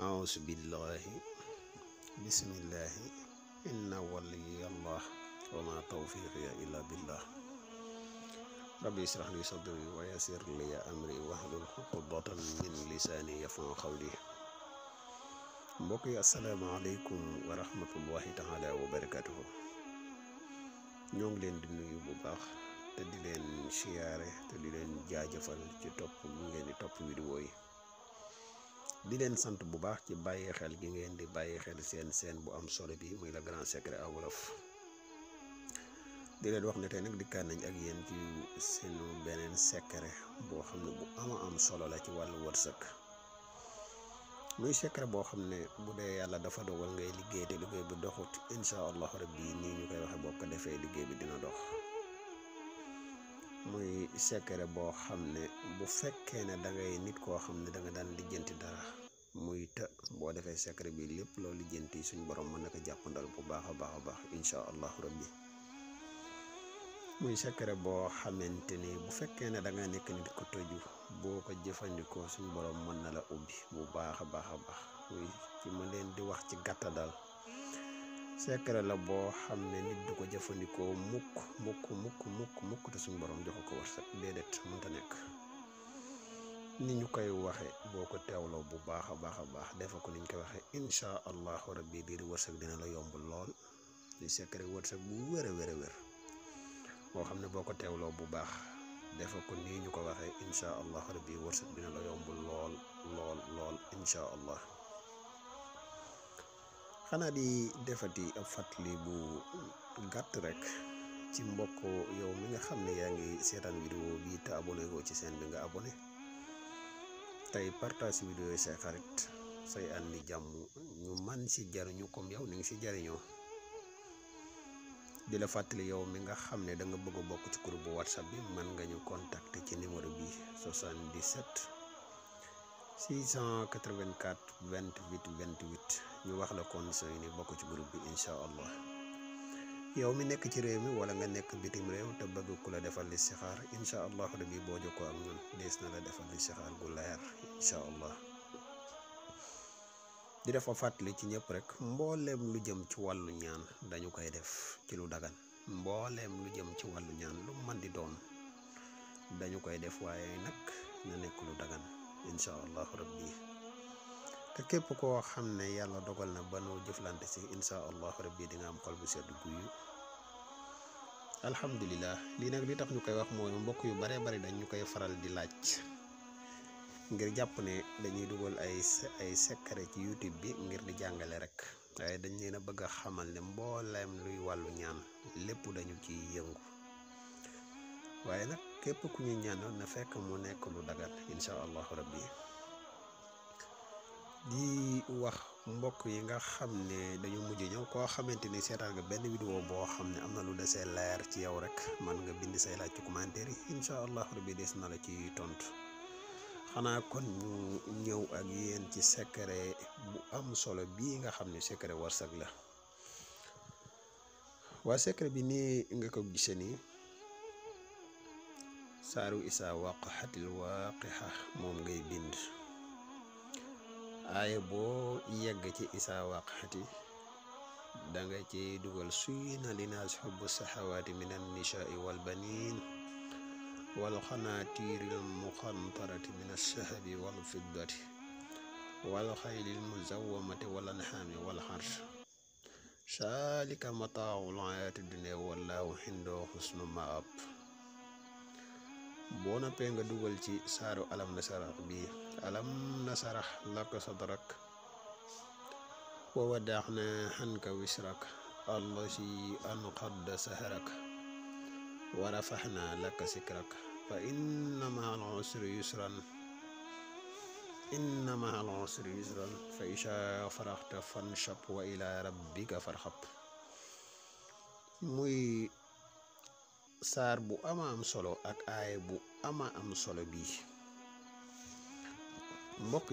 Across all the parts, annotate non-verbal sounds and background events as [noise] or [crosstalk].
أعوذ بالله بسم الله إن ولي الله وما توفيقي إلا بالله ربي اشرح لي صدري ويسر لي أمري واهلل عقدة من لساني يفهم قولي مبقي السلام عليكم ورحمة الله تعالى وبركاته نيونغلين دي نيو بو باخ تدي لين شياري تدي لين جاجفال سي توب مونغي توب فيديو di leen sant bu baax ci bàyyi xel gi ngeen di bàyyi xel seen seen bu am solo bi muy le grand secret aw wolof di leen wax ne tey nag dikkaat nañ ak yéen ci seenu beneen secret boo xam ne bu ama am solo la ci wàllu wërsëg muy secret boo xam ne bu dee yàlla dafa dogal ngay liggéey te liggéey bi doxut incha allahu rabbi nii ñu koy waxe boo ko defee liggéey bi dina dox muy secret boo xam ne bu fekkee ne da ngay nit koo xam ne da daan lijjanti dara muy të boo defee secret bi lépp loo lijjanti suñ borom mën na ko bu baax a baax a baax incha allahu rabbi muy secret boo xamante ni bu fekkee ne da nga nekk nit ko tëju boo ko jëfandikoo suñ borom mën na la ubbi bu baax a baax a baax muy ma leen di wax ci gàtta daal secret la boo xam ne nit du ko jëfandikoo mukk mukk mukk mukk mukk te suñu borom joxu ko wërsëg déedéet mënta nekk ni ñu koy waxe boo ko teewloo bu baax a baax a baax defe ko ni ñu koy waxe insha allahu rabbi biir wërsëg dina la yomb lool li secret wërsëg bu wér boo xam ne boo ko teewloo bu baax defe ko nii ñu ko waxee insha allahu rabbi wërsëg dina la yomb lool lool lool insha allah xanaa di defati ab fàttali bu gàtt rek ci mbokk yow mi nga xam ne yaa ngi seetaan video bi te abonné ko ci seen bi nga abonné tey partage video e say xarit say àndi jàmm ñu man si jariñu kom yow ni ngi si jariñoo di la fàttali yow mi nga xam ne da nga bëgg a bokk ci groupe bu bi mën nga ñu ci numéro bi 77 684 28 28 ñu wax la condition yi ni bokku ci groupe bi insha allah yow mi nekk ci réew mi wala nga nekk bitim réew te bëgg ku la defal insha allah rabbi boo joko ak ñun des na la defal listixaar gu leer insha allah di dafa fàttali ci ñëpp rek mbooleem lu jëm ci wàllu ñaan dañu koy def ci lu dagan mbooleem lu jëm ci wàllu ñaan lu man di doon dañu koy def waaye nag na nekk lu dagan insha allah rabbi te képp koo xam ne yàlla dogal na ba jëflante si insha allah rabbi di nga am xol bu sedd guyu alhamdulilah lii nag li tax ñu koy wax mooy mbokk yu bare bari dañ ñu koy faral di laaj ngir jàpp ne dañuy dugal ay ay secret ci youtube bi ngir di jàngale rek waaye dañ leen a bëgg a xamal ne mboolem luy wàllu ñaan lépp dañu ci yëngu waaye nag képp ku ñu ñaanal na fekk mu nekk lu dagat incha allahu rabbi di wax mbokk yi nga xam ne dañu mujj ñëw koo xamante ni seetaan nga benn vidéo boo xam ne am na lu desee leer ci yow rek man nga bind say laaj ci commentaire yi incha des na la ci tontu xanaa kon ñu ñëw ak yéen ci secret bu am solo bii nga xam ne secret warsak la waa secret bi nii nga ko gisee nii. saaru isaa waqaxatil waaqixa moom ngay bind aaya boo yegg ci isaa waqaxati da ci dugal suyina linaas xubbu saxawaati min an nisaai walbaniin walxanaatiiril muqantarati min alsahabi walfiddati walxaylil muzawamati walanxaami walxars saalika mataaxul xayaati dunya wallaahu xindoo xusnu maab boo noppee nga dugal ci saaru alam nasarah bi alam nasarax laka sadrak wa wadaaxna hanka wisrak allah shi an anqadda saharak wa rafaxna lak sikrak fa inna maa al usri yusran inna maa al usri yusran fa isha farahta fanshab wa ila rabbika farhab muy saar bu ama am solo ak aaya bu ama am solo bii mbokk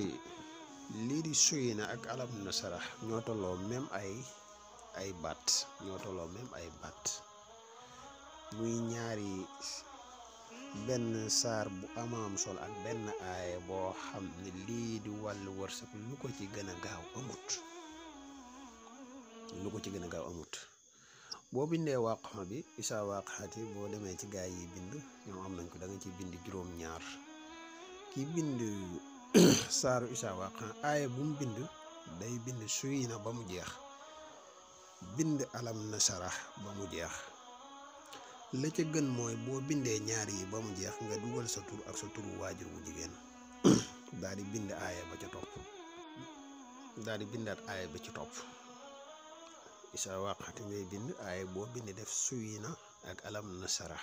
lii di suyina ak alam nasara ñoo tolloo même ay ay baat ñoo ay baat muy ñaari benn saar bu ama am solo ak benn aaya boo xam ni lii di wàllu wërsëg lu ko ci gën a gaaw amut lu ko ci gën a gaaw amut boo bindee waqama bi isa boo demee ci gaa yi bind ñoom am nañ ko danga ci ciy bind juróom-ñaar ki bind [clears throat] saaru isa waqan aaya bu mu bind day bind suy na ba mu jeex bind alam nasara ba mu jeex la ca gën mooy boo bindee ñaar yi ba mu jeex nga dugal sa tur ak sa turu waajur wu jigéen [clears throat] daal di bind aaya ba ca topp daal di bindaat aaya ba ci topp isa waqati ngay bind ay bo bind def suyina ak alam nasara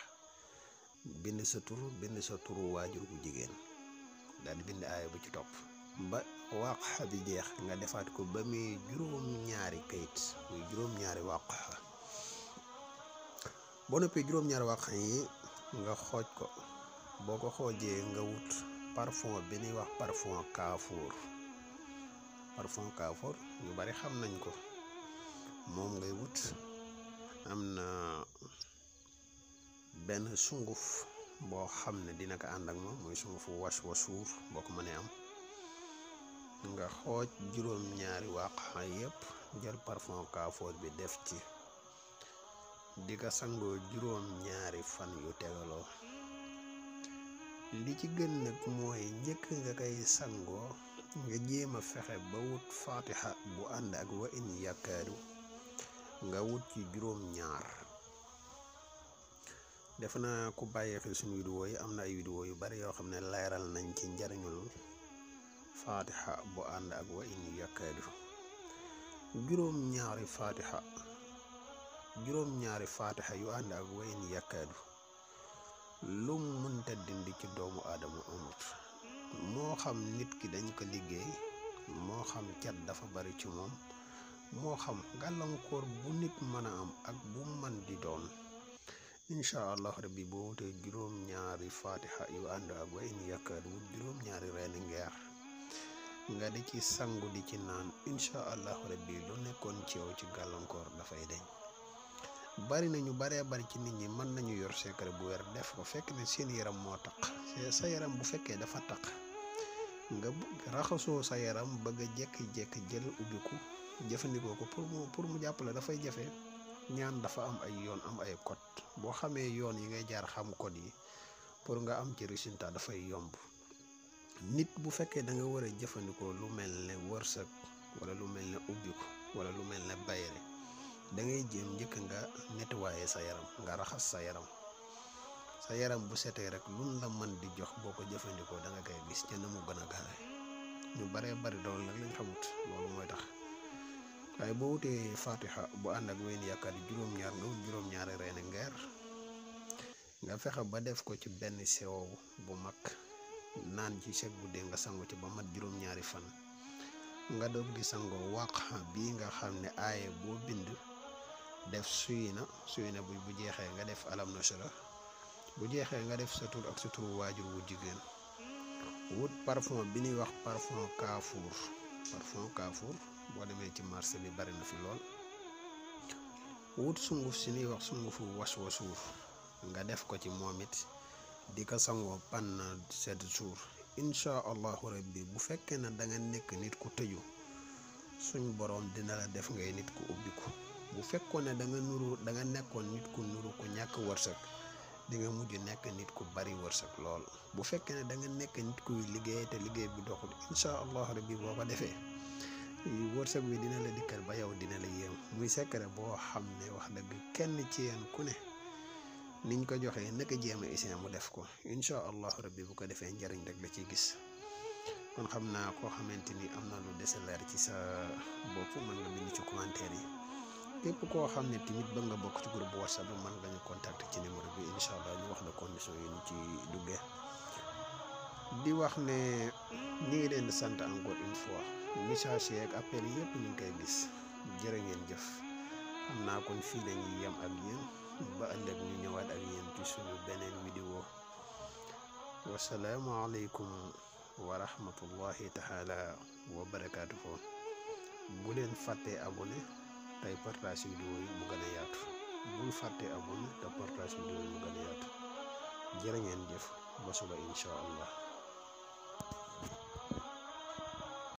bind sa tur bind sa tur wajur bu jigen dal bind ay bu ci top ba waqxa bi jeex nga defat ko ba muy juróom-ñaari kayit muy juroom ñaari waqxa boo noppee juroom ñaari waqxa yi nga xoj ko boko nga wut parfum bi ñuy wax parfum kafour parfum kafour ñu bari xam nañ ko moom ngay wut am na benn sunguf boo xam ne dina ko àndak ak moom muy sungufu was wasuur boo ko mënee am nga xooj juróom ñaari waaqa yépp jël parfum kaafoor bi def ci di ko sangoo juróom ñaari fan yu tegaloo li ci gën nag mooy njëkk nga koy sangoo nga jéem a fexe ba wut faatiha bu ànd ak wa in yàkkaaru nga wut ci juróom ñaar def naa ku bàyyee xel suñu wideo yi am na ay wideo yu bari yoo xam ne leeral nañ ci njariñul faatiha bu ànd ak wa in yu ànd ak wa in yakkaadu lum dindi ci doomu aadama amut moo xam nit ki dañ ko liggéey moo xam cat dafa bari ci moom mo xam gàllankoor bu nit mëna am ak bu man di doon insha allah rabbi bo wutee juróom-ñaari fatiha yu ànd ak way ni yàkkaat wut juróom-ñaari ngeer nga di ci sangu di ci naan insha allah rabbi lu nekkoon ci yow ci gàllankoor dafay deñ bari nañu baree bari ci nit ñi mën nañu yor secret bu wer def ko fekk ne seen yaram moo taq sa yaram bu fekkee dafa taq nga raxasoo sa yaram bëgg a jekki-jekki jël jëfandikoo ko pour mu pour mu jàppale dafay jafe ñaan dafa am ay yoon am ay code boo xamee yoon yi ngay jaar xam code yi pour nga am ci résultat dafay yomb nit bu fekkee dangay nga war a jëfandikoo lu mel ne wërsëg wala lu mel ne ubbiku wala lu mel ne bayre da ngay jéem njëkk nga nettoyer sa yaram nga raxas sa yaram sa yaram bu setee rek luñ la mën di jox boo ko jëfandikoo da nga koy gis ca mu gën a gaawee ñu baree bari doon nag lañ xamut loolu mooy tax. ay bo wute fatiha bo ànd ak weeni yàkkaat juróom ñaar ndaw juróom ñaari reyna ngeer nga fexe ba def ko ci benn seo bu mag naan ci chek bu dee nga sango ci ba mat juróom ñaari fan nga doog di sango waq bii nga xam ne aaye boo bind def suy na suy na bu jeexee nga def alam nasara bu jeexee nga def sa tur ak sa tur waajur wu jigéen wut parfum bi ñuy wax parfum kafour parfum kafour boo demee ci marché bi bari na fi lool wut sunguf si ñuy wax sungufu waswasuur nga def ko ci moom it di ko sangoo panna sept jours incha allahu rabbi bu fekkee na da nga nekk nit ku tëju suñ borom dina la def ngay nit ku ubbiku bu fekkoon ne da nga da nga nekkoon nit ku nuru ku ñàkk wërsëg di nga mujj nekk nit ku bari wërsëg lool bu fekkee ne da nga nekk nit kuy liggéey te liggéey bi doxul incha allah rabbi boo ko defee wërsëg bi dina la dikkal ba yow dina la yéem muy secret boo xam ne wax dëgg kenn ci yéen ku ne niñ ko joxee naka jéem a mu def ko incha allahu rabbi bu ko defee njëriñ rek la ci gis kon xam naa koo xamante ni am na lu dese leer ci sa bopp mën nga bind ci commentaire yi képp koo xam ne tamit ba nga bokk ci groupe WhatsApp mën nga ñu contacter ci numéro bi incha allah ñu wax la condition yi ñu ci duggee. di wax ne ñu ngi leen di sant encore une fois message yeeg appel yëpp ñu ngi koy gis jërë ngeen jëf am naa kon fii lañuy yem ak yéen ba ëllëg ñu ñëwaat ak yéen ci suñu beneen vidéo wasalaamu aleykum wa rahmatullahi taala wa barakaatuhu bu leen fàttee abonné tey partage vidéo yi mu gën a yaatu bul fàttee abonné te partage vidéo yi mu gën a yaatu jërë ngeen jëf ba suba incha allah